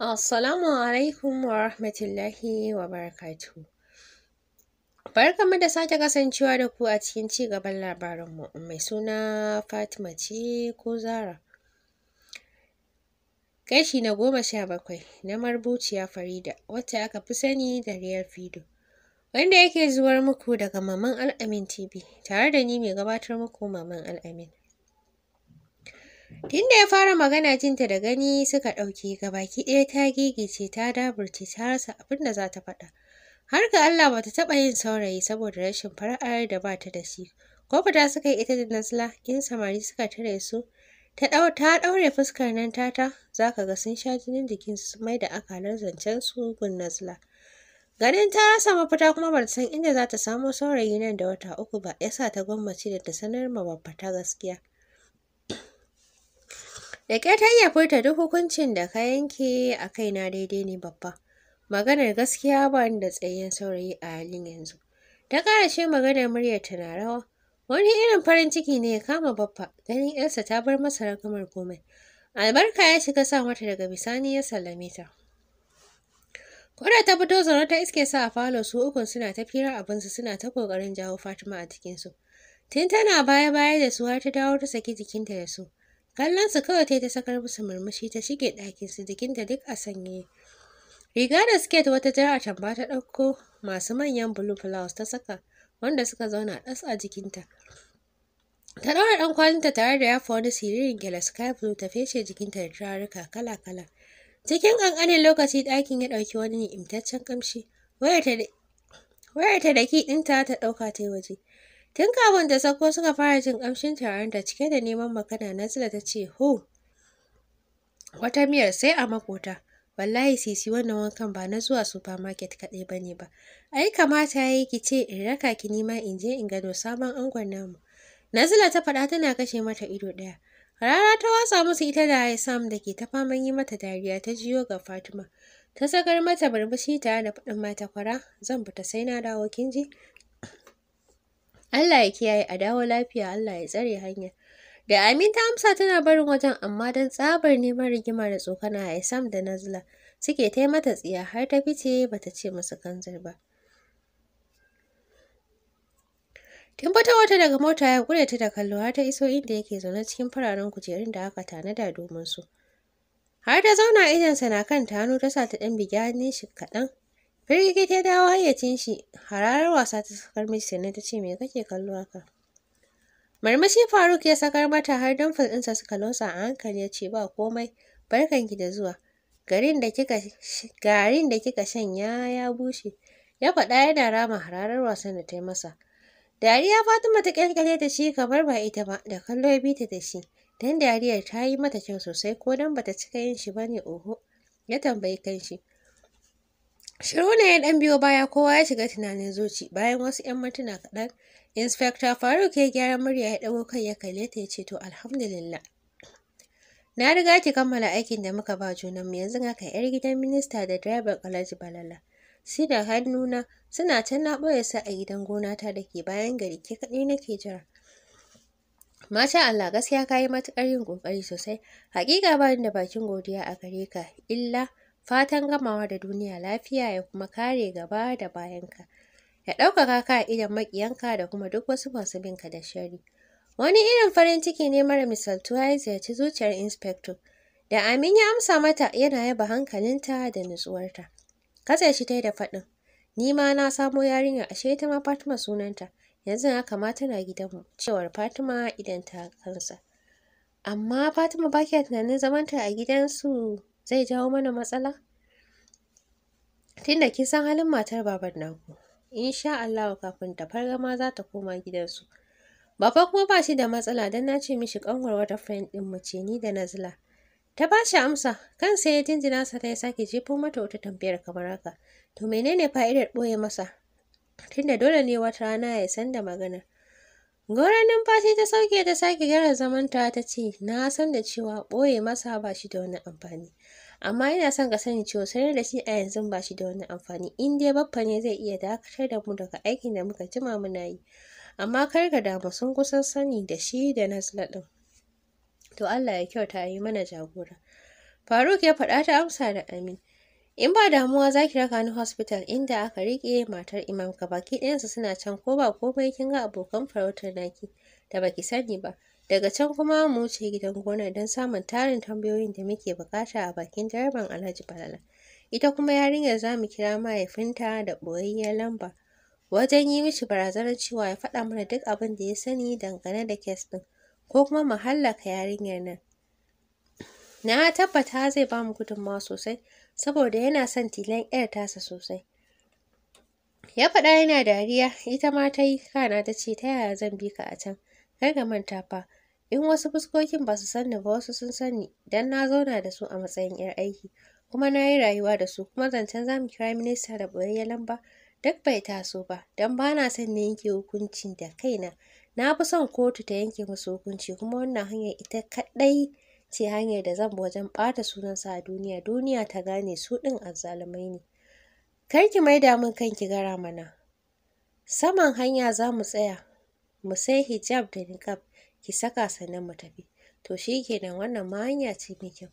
Assalamu alaikum wa rahmatullahi wa barakatu. Barka da sake kasancewa da ku a cikin ci gaban labarinmu mai suna Fatima ce ko Zara. Kashi na goma sha bakwai na marbuciya Farida wacce aka fi sani da Real Fido. Wanda yake zuwar muku daga Maman Al'amin TV tare da ni mai gabatar muku Maman Al'amin. Tun da ya fara magana jinta da gani suka ɗauke ga baki ɗaya ta gigice ta daburce ta rasa abin da za ta faɗa. Har ga Allah ba ta taɓa yin saurayi saboda rashin fara'ar da ba ta da shi. Ko fita suka yi ita da Nazla, in samari suka tare su, ta ɗaure fuskar nan tata, za ka ga sun sha jinin jikinsu su mai da akalar zancen su gun Nazla. Ganin ta rasa mafita kuma bata san inda za ta samo saurayi nan da wata uku ba, yasa ta gwammace da ta sanar ma babba ta gaskiya. Da ke ta iya furta duk hukuncin da ka yanke a kaina daidai ne babba. Maganar gaskiya ba ni da tsayayyen saurayi a halin yanzu. Ta ƙara shi maganar muryar tana rawa. Wani irin farin ciki ne ya kama babba ganin ‘yarsa ta bar masa ragamar komai. Albarka ya shiga sa mata daga bisani ya sallame ta. Koda ta fito zaune ta iske sa a falo su ukun suna ta fira abinsu suna ta ƙoƙarin jawo Fatima a cikinsu. Tun tana baya-baya da su har ta dawo ta saki jikinta da su. su kawai ta yi ta sakar musu murmushi ta shige ɗakin ɗakinsu jikinta duk a sanye. Riga da siket wata jar tamba ta ɗauko masu manyan blue blouse ta saka wanda suka zauna ɗas a jikinta. Ta ɗaura ɗan kwalinta tare da yafa wani siririn gyale sky blue ta feshe jikinta da turaruka kala-kala. Cikin ƙanƙanin lokaci ɗakin ya ɗauki wani ni'imtaccen ƙamshi. Wayarta da ki ɗinta ta ɗauka ta yi waje. Tun kafin ta sako suka fara jin kamshin taron da cike da neman magana Nazila ta ce, "Ho, wata miyar sai a makota. Wallahi sisi wannan wankan ba na zuwa supermarket kaɗai ba ne ba. Ai kamata ya yi ki ce in raka ki nima in je in gano sabon angon namu. Nazila ta faɗa tana kashe mata ido ɗaya. Rara ta watsa musu ita da Haisam da ke ta faman yi mata dariya ta jiyo ga Fatima. Ta sakar mata burbushi tare da faɗin mata kwara zan fita sai na dawo kinji Allah ya kiyaye a dawo lafiya Allah ya tsare hanya. Da Amin ta amsa tana barin wajen amma don tsabar neman rigima da tsokana a Isam da Nazla suke ta mata tsiya har ta fice bata ce masa kanzir ba. Tun wata daga mota ya kure ta da kallo har ta iso inda yake zaune cikin fararen kujerun da aka tanada domin su. Har ta zauna idan na kan ta hannu ta sa ta ɗan bigi hannun shi kaɗan firgit ya dawo hayyacin shi hararar wasa ta sakar mishi sannan ta ce me kake kallo haka marmashi faruk ya sakar mata har don ɗinsa suka losa a hankali ya ce ba komai ki da zuwa garin da kika garin da kika shanya ya bushe ya faɗa yana rama hararar wasan da ta yi masa dariya fatima ta kyalkyale da shi kamar ba ita ba da kallo ya bita da shi dan dariyar ta yi mata kyau sosai ko dan bata cika yin shi ba ne? oho ya tambayi kanshi Shiru ne ya ɗan biyo baya kowa ya shiga tunanin zuci bayan wasu 'yan mintuna kaɗan. Inspector Faruk ya gyara murya ya ɗago kai ya kalle ta ya ce to alhamdulillah. Na riga ki kammala aikin da muka ba junan mu yanzu haka 'yar gidan minista da direban Alhaji Balala. Si da hannuna suna can na ɓoye sa a gidan gonata da ke bayan gari ke kaɗai nake jira. Masha Allah gaskiya ka yi matuƙar yin ƙoƙari sosai. Hakika, ba da bakin godiya a gare ka illa Fatan gamawa da duniya lafiya ya kuma kare gaba da bayanka. Ya ɗaukaka ka a idon maƙiyanka da kuma duk wasu masu binka da shari. Wani irin farin ciki ne mara misaltuwa ya ziyarci zuciyar inspector. Da Amin ya amsa mata yana yaba hankalinta da nutsuwarta. Katse shi ta da faɗin. Ni ma na samo yarinya ashe ita ma Fatima sunanta. Yanzu kamata na gidan mu, cewar Fatima idan ta kansa. Amma Fatima ba tunanin zamanta a gidansu zai jawo mana matsala tunda kin san halin matar babar naku insha Allah kafin ta farga za ta koma gidansu Baba kuma ba shi da matsala don na ce mishi kanwar wata friend din mu ce ni da Nazla. Ta ba shi amsa, sai ya jinjina sa ta ya sake jefo mata wata tambayar kamar haka. To menene fa'idar boye masa? Tunda dole ne wata rana ya san da magana. Goran numfashi ta sauke ta sake gyara zamanta ta ce, na san da cewa ɓoye masa ba shi da wani amfani. amma yana son ka sani cewa sanar da shi a yanzu ba shi da wani amfani in dai baffa ne zai iya dakatar da mu daga aikin da muka jima muna yi amma kar ka damu sun kusan sani da shi da nasla din to Allah ya kyauta yi mana jagora Faruk ya faɗa ta amsa da amin in ba damuwa za ki raka ni hospital inda aka riƙe matar imam ka baki ɗayansu suna can ko ba komai kin ga abokan farautar naki da baki sani ba Daga can kuma mu wuce gidan gona don samun tarin tambayoyin da muke bukata a bakin direban Alhaji Balala. Ita kuma yarinyar za mu kira mahaifinta da ɓoyayyiyar lamba wajen yi mishi barazanar cewa ya faɗa mana duk abin da ya sani dangane da kes ɗin ko kuma mu hallaka yarinyar nan. Na tabbata zai ba mu gudunmawa sosai saboda yana son tilan 'yar tasa sosai. Ya faɗa yana dariya, ita ma ta yi kana ta ce ta yaya zan bi ka a can. kar ka manta fa in wasu fuskokin ba su sani ba wasu sun sani dan na zauna da su a matsayin yar aiki kuma na yi rayuwa da su kuma zancen za mu kira minista da ɓoyayyen lamba duk bai taso ba dan ba na son na yanke hukunci da kaina na fi son kotu ta yanke musu hukunci kuma wannan hanyar ita kaɗai ce hanyar da zan wajen ɓata sunansa a duniya duniya ta gane su ɗin azzalumai ne kar ki maida min kanki gara mana saman hanya za mu tsaya mu sai hijab da niqab ki saka sannan mu tafi to shikenan wannan ma hanya ce mai kyau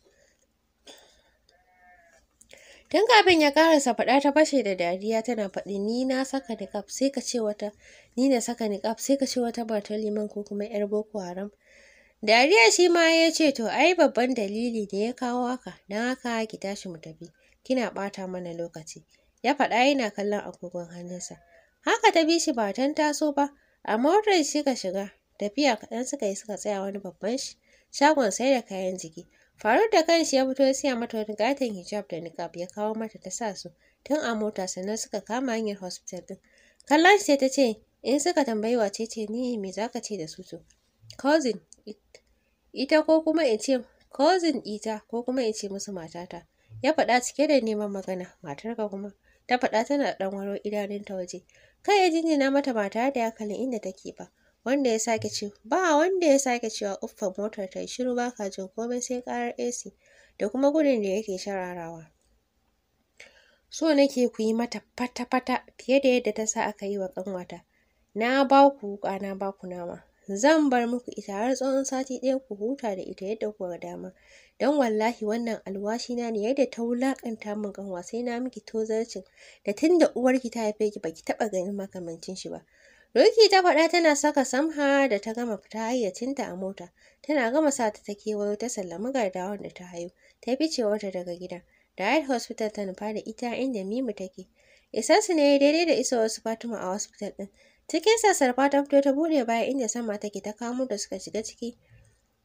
tun kafin ya karasa faɗa ta fashe da dariya tana faɗi ni na saka niqab sai ka ce wata ni na saka niqab sai ka ce wata liman ko kuma yar boko haram dariya shi ma ya ce to ai babban dalili da ya kawo haka na haka ki tashi mu tafi kina ɓata mana lokaci ya faɗa yana kallon agogon hannunsa haka ta bi shi ba tan taso ba A motar shi ka shiga, tafiya kaɗan suka yi suka tsaya wani babban shagon sai da kayan jiki. Faruk da kanshi ya fito ya siya mata wani gatan hijab da niqab ya kawo mata ta sa su tun a mota sannan suka kama hanyar hospital ɗin. Kallon sai ta ce in suka tambayi wace ce ni me za ka ce da su to? Cousin ita ko kuma in ce cousin ita ko kuma in ce musu matata. Ya faɗa cike da neman magana matarka kuma ta faɗa tana ɗan waro idanunta waje. Kai ya jinjina mata ba tare da ya kalli inda take ba. Wanda ya sake ce, ba wanda ya sake cewa uffa motar ta shiru ba ka jin komai sai karar AC da kuma gudun da yake shararawa. So nake ku yi mata fata-fata fiye da yadda ta sa aka yi wa ƙanwata. Na ba ku wuƙa na ba ku nama. Zan bar muku ita har tsawon sati ɗaya ku huta da ita yadda ku ga dama. Don wallahi wannan alwashina ne yadda ta wulaƙanta min kanwa sai na miki tozarcin da tun da uwarki ta haife ki baki taɓa ganin makamancin shi ba. Roki ta faɗa tana saka samha da ta gama fita hayyacinta a mota. Tana gama sa ta ta kewayo ta sallami gardawan da ta haihu. Ta ficewarta daga gida da Dial Hospital ta nufa da ita inda Mimu take. Isansu ne ya daidai da isowar su Fatima a hospital ɗin. Cikin sassar ta fito ta buɗe baya inda sama take ta kamo da suka shiga ciki.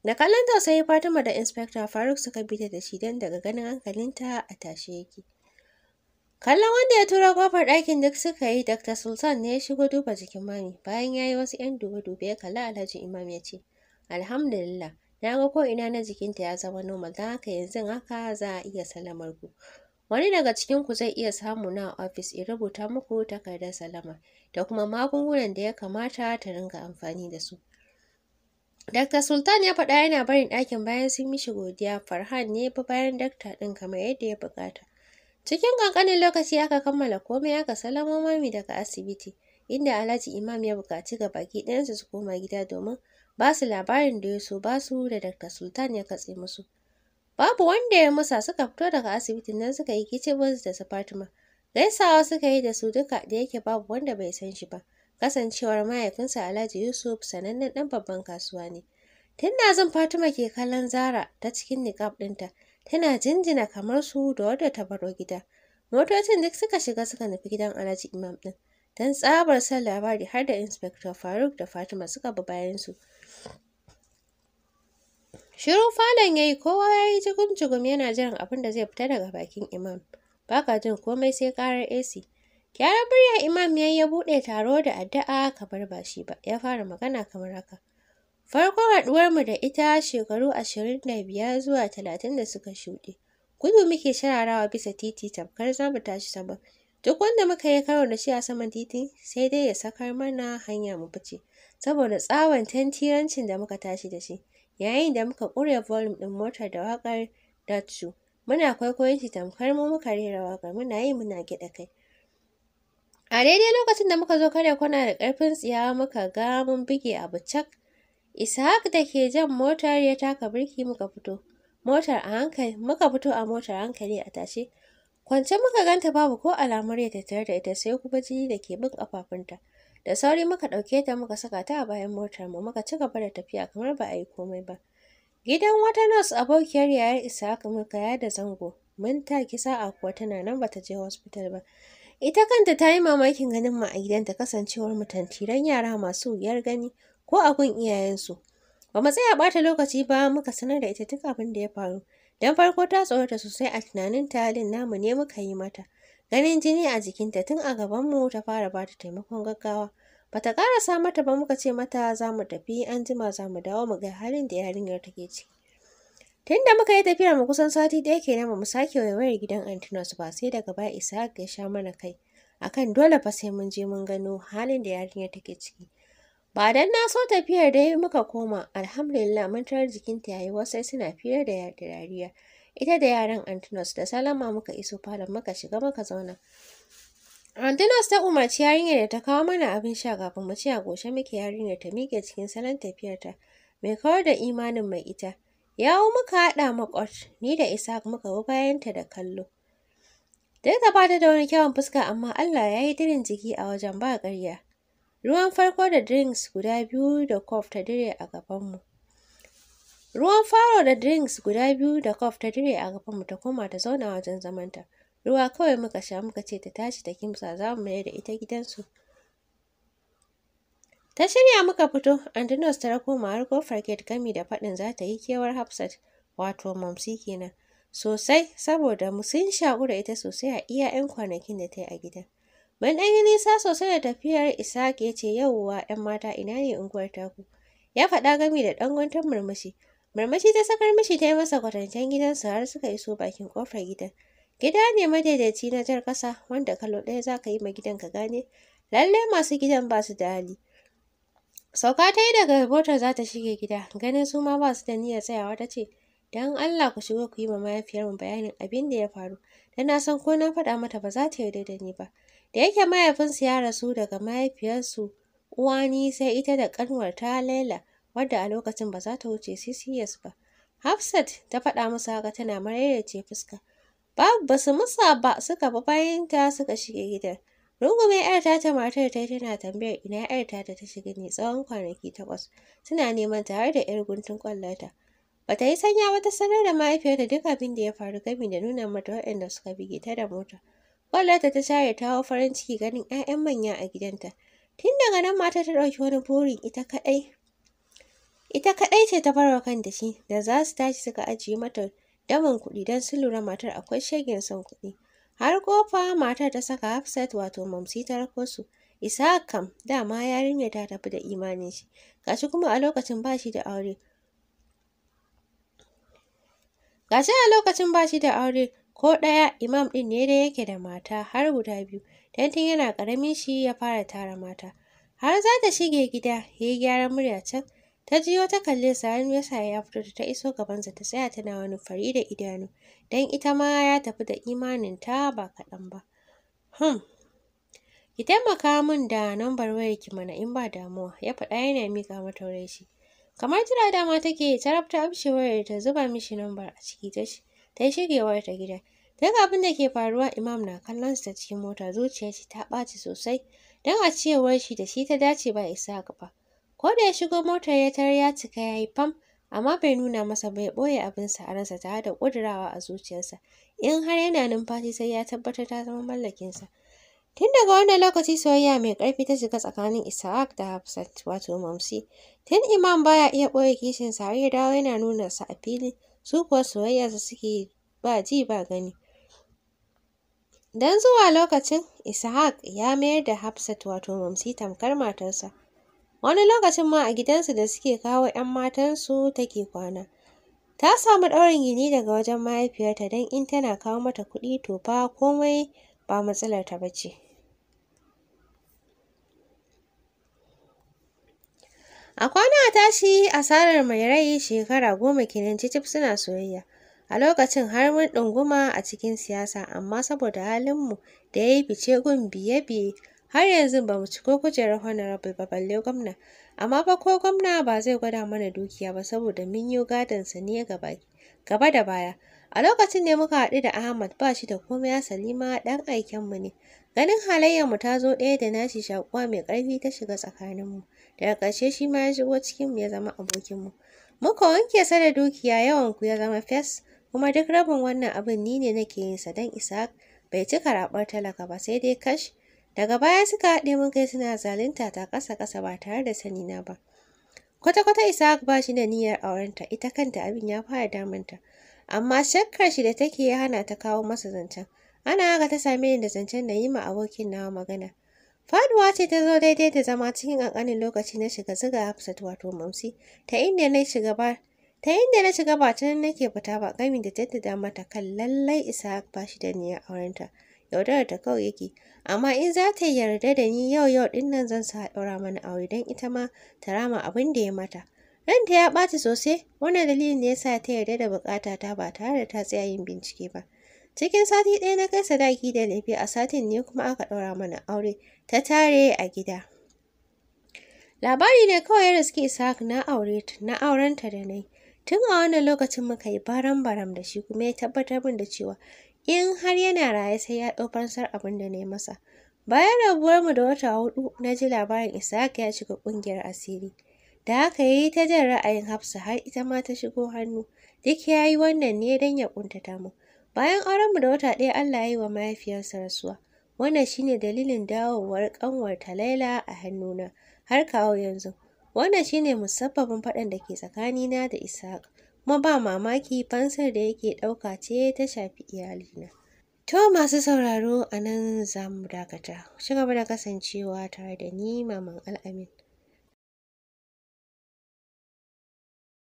Da kallon tausayi Fatima da Inspector Faruk suka bi da shi don daga ganin hankalinta a tashe yake. Kallon wanda ya tura kofar ɗakin duk suka yi Dr. Sultan ne ya shigo duba jikin mami bayan ya yi wasu 'yan dube-dube ya kalla Alhaji Imam ya ce, Alhamdulillah, na ga ko ina na jikinta ya zama normal don haka yanzu haka za a iya salamar ku. Wani daga cikin ku zai iya samu na a ofis in rubuta muku takardar salama da kuma magungunan da ya kamata ta ringa amfani da su. Dr. Sultan ya faɗa yana barin ɗakin bayan sun mishi godiya Farhan ne ba bayan dakta ɗin kamar yadda ya buƙata. Cikin ƙanƙanin lokaci aka kammala komai aka salamo mami daga asibiti inda Alhaji Imam ya buƙaci ga baki ɗayansu su koma gida domin ba su labarin da ya so ba su da Dr. Sultan ya katse musu. Babu wanda ya musa suka fito daga asibitin nan suka yi kicibus da su Fatima. Gaisawa suka yi da su duka da yake babu wanda bai san shi ba. Kasancewar mahaifinsa Alhaji Yusuf sanannen ɗan babban kasuwa ne. Tun zan Fatima ke kallon Zara ta cikin niqab ɗinta, tana jinjina kamar su da wadda ta baro gida. Motocin duk suka shiga suka nufi gidan Alhaji Imam ɗin. Don tsabar son labari har da Inspector Faruk da Fatima suka bi bayansu. Shirin falon ya yi kowa ya yi jigum-jigum yana jiran abin da zai fita daga bakin imam. Baka jin komai sai karar AC. Gyara murya imam ya ya buɗe taro da addu'a kamar ba shi ba. Ya fara magana kamar haka. Farkon mu da ita shekaru ashirin da biyar zuwa talatin da suka shuɗe. Gudu muke shararawa bisa titi tamkar za mu tashi sama. Duk wanda muka yi karo da shi a saman titi sai dai ya sakar mana hanya mu fice. Saboda tsawon tantirancin da muka tashi da shi. yayin da muka ƙure volume ɗin motar da wakar Datsu. Muna kwaikwayon shi tamkar mu muka rera waƙar muna yi muna gyaɗa kai. A daidai lokacin da muka zo karya kwana da ƙarfin tsiya muka ga mun buge abu cak. Ishaq da ke jan motar ya taka birki muka fito. Motar a hankali muka fito a motar hankali a tashe. Kwance muka ganta babu ko alamar ya tattare da ita sai kuma jini da ke bin kafafunta. Da sauri muka ɗauke ta muka saka ta a bayan motar mu muka ci gaba da tafiya kamar ba a yi komai ba. Gidan wata nurse abokiyar yayar haka muka ya da zango. Mun taki sa'a kuwa tana nan bata je hospital ba. Ita kanta ta yi mamakin ganin mu a gidanta kasancewar mu tantiran yara masu wuyar gani ko a gun iyayensu. Ba mu tsaya ɓata lokaci ba muka sanar da ita duk abin da ya faru. Dan farko ta tsorata sosai a tunanin talin namu ne muka yi mata. Ganin jini a jikinta tun a gabanmu ta fara bata taimakon gaggawa. Bata ta ƙarasa mata ba muka ce mata za mu tafi an jima za mu dawo mu ga halin da yarinyar take ciki. Tun da muka yi tafiya mu kusan sati ɗaya nan ba mu sake waiwayar gidan Antinos ba sai daga baya isa ya sha mana kai. Akan dole fa sai mun je mun gano halin da yarinyar take ciki. Ba dan na so tafiyar dai muka koma alhamdulillah mun tarar jikinta yayi wasai suna fiye da dariya. ita da yaran antinos da salama muka iso falon muka shiga muka zauna antinos ta umarci yarinya da ta kawo mana abin sha kafin mu ci a goshe muke yarinya ta miƙe cikin salon tafiyarta mai kawar da imanin mai ita yawo muka haɗa makwat ni da isa muka bi bayanta da kallo duk da bata da wani kyawun fuska amma allah ya yi dirin jiki a wajen ba ƙarya ruwan farko da drinks guda biyu da kof ta dire a gabanmu Ruwan faro da drinks guda biyu da kof ta dire a gaban mu ta koma ta zauna wajen zamanta. Ruwa kawai muka sha muka ce ta tashi ta kimsa za mu mayar da ita gidansu. Ta shirya muka fito, Andinos ta rako ma har kofar gate gami da faɗin za ta yi kewar Hafsat, wato Mamsi kenan. Sosai, saboda mu sun shaƙu ita sosai a iya 'yan kwanakin da ta yi a gidan. Ban ɗan yi nisa sosai da tafiyar Isaac ya ce yauwa 'yan mata ina ne unguwar taku. Ya faɗa gami da ɗangon ta murmushi. Marmashi ta sakar mishi ta yi masa kwatancen gidansu har suka iso bakin kofar gidan. Gida ne madaidaici na jar ƙasa wanda kalo ɗaya za ka yi ma gidan ka gane. Lallai masu gidan ba su da hali. Sauka ta yi daga motar za ta shige gida, ganin su ma ba su da niyyar tsayawa ta ce, Don Allah ku shigo ku yi ma mahaifiyarmu bayanin abin da ya faru, da na san ko na faɗa mata ba za ta yarda da ni ba. Da yake mahaifinsu ya rasu daga mahaifiyarsu uwani sai ita da kanwar ta Laila wadda a lokacin ba za ta wuce CCS ba. Hafsat ta faɗa musu haka tana ce fuska. Babu ba su musa ba suka bi ta suka shige gidan. Rungume ‘yar ta matar ta tana tambayar ina ‘yar ta ta shiga ne tsawon kwanaki takwas. Suna neman tare da ‘yar guntun Ba ta yi sanya ba ta sanar da mahaifiyarta duk abin da ya faru gami da nuna mata waɗanda suka bige ta da mota. Kwallata ta share ta hau farin ciki ganin ‘ya'yan manya a gidanta. Tun daga nan mata ta ɗauki wani burin ita kaɗai Ita kaɗai ce ta barwa kan da shi da za su tashi suka ajiye mata damin kuɗi don su lura matar akwai shegen son kuɗi. Har kofa matar ta saka Hafsat wato mamsi ta rako su. Isa kam dama yarinyar ta tafi da imanin shi. Gashi kuma a lokacin ba shi da aure. Gashi a lokacin ba shi da aure ko ɗaya imam ɗin ne dai yake da mata har guda biyu. Don yana ƙaramin shi ya fara tara mata. Har za ta shige gida ya yi gyaran murya can. Ta jiyo ta kalle sa har yasa ya fito ta iso gabansa ta tsaya tana wani fari da idanu, dan ita ma ya tafi da imanin ta ba kaɗan ba. Hmm. Ki taimaka min da nambar wayar ki mana in ba damuwa, ya faɗa yana miƙa mata Kamar jira dama take ta rabta amshe ta zuba mishi nambar a ciki ta ta shige ta gida. Duk abin da ke faruwa Imam na kallon sa cikin mota zuciyar shi ta ɓaci sosai dan a cewar shi da shi ta dace ba isa ba. Ko da ya shigo motar ya tarar ya cika ya yi fam, amma bai nuna masa bai ɓoye abinsa a ransa tare da ƙudurawa a zuciyarsa. In har yana numfashi sai ya tabbatar ta zama mallakinsa. Tun daga wannan lokaci soyayya mai ƙarfi ta shiga tsakanin Isa'ak da Hafsat wato Mamsi. Tun Imam baya iya ɓoye sa har ya dawo yana nuna sa a fili, su kuwa su suke ba ji ba gani. Dan zuwa lokacin, Isa'ak ya mayar da Hafsat wato Mamsi tamkar matarsa. wani lokacin ma a gidansu da suke kawo 'yan matansu take kwana. Ta samu ɗaurin gini daga wajen mahaifiyarta don in tana kawo mata kuɗi to fa komai ba matsalar ta ce. A kwana a tashi asarar mai rai shekara goma kenan cicif suna soyayya. A lokacin har mun ɗunguma a cikin siyasa amma saboda halinmu da ya yi fice gun biye-biye har yanzu ba mu ci ko kujerar honorable ba balle gwamna amma ba ko gwamna ba zai gwada mana dukiya ba saboda mun yi sa ne gaba gaba da baya a lokacin ne muka haɗu da ahmad ba shi da komai ya salima ɗan mu ne ganin halayyar mu ta zo ɗaya da nashi shakuwa mai ƙarfi ta shiga tsakaninmu daga ƙarshe shi ma ya shigo cikin mu ya zama abokinmu muka wanke sa da dukiya yawan ku ya zama fes kuma duk rabin wannan abin ni ne nake yin sa don isa bai ci raɓar talaka ba sai dai kash Daga baya suka haɗe mun kai suna zalunta ta ƙasa-ƙasa ba tare da sani na ba. Kwata-kwata Isaac ba shi da niyyar aurenta, ita kanta abin ya fara damunta. Amma shakkar shi da take ya hana ta kawo masa zancen. Ana haka ta same ni da zancen da yi ma abokin nawa magana. Faduwa ce ta zo daidai da zama cikin ƙanƙanin lokaci na shiga ziga Hafsat wato mamsi, ta inda na shiga ba ta inda na shiga ba ta nake fita ba gami da jaddada mata kan lallai Isaac ba shi da niyyar aurenta. yaudarar ta kawai yake amma in za ta yarda da ni yau yau din nan zan sa ɗaura mana aure don ita ma ta rama abin da ya mata ranta ya ɓata sosai wannan dalilin ne yasa ta yarda da bukata ta ba tare da ta tsaya yin bincike ba cikin sati ɗaya na kai sadaki da laifi a satin ne kuma aka ɗaura mana aure ta tare a gida labari ne kawai ya suke ishaq na aure na aurenta da nai tun a wannan lokacin muka yi baram baram da shi kuma ya tabbatar min da cewa in har yana raye sai ya ɗau fansar abin da na yi masa. Bayan rabuwar mu da wata hudu na ji labarin Isaac ya shiga ƙungiyar asiri. Da haka ya yi ta jan ra'ayin Hafsa har ita ma ta shigo hannu. Duk ya yi wannan ne don ya ƙuntata mu. Bayan aurenmu da wata ɗaya Allah ya yi wa mahaifiyarsa rasuwa. Wannan shine dalilin dawowar ta Laila a hannuna har kawo yanzu. Wannan shine musabbabin faɗan da ke tsakanina da Isaac. kuma ba mamaki fansar da yake ɗauka ce ta shafi iyalina. To masu sauraro a nan za mu dakata, ci gaba da kasancewa tare da ni Maman Al'amin.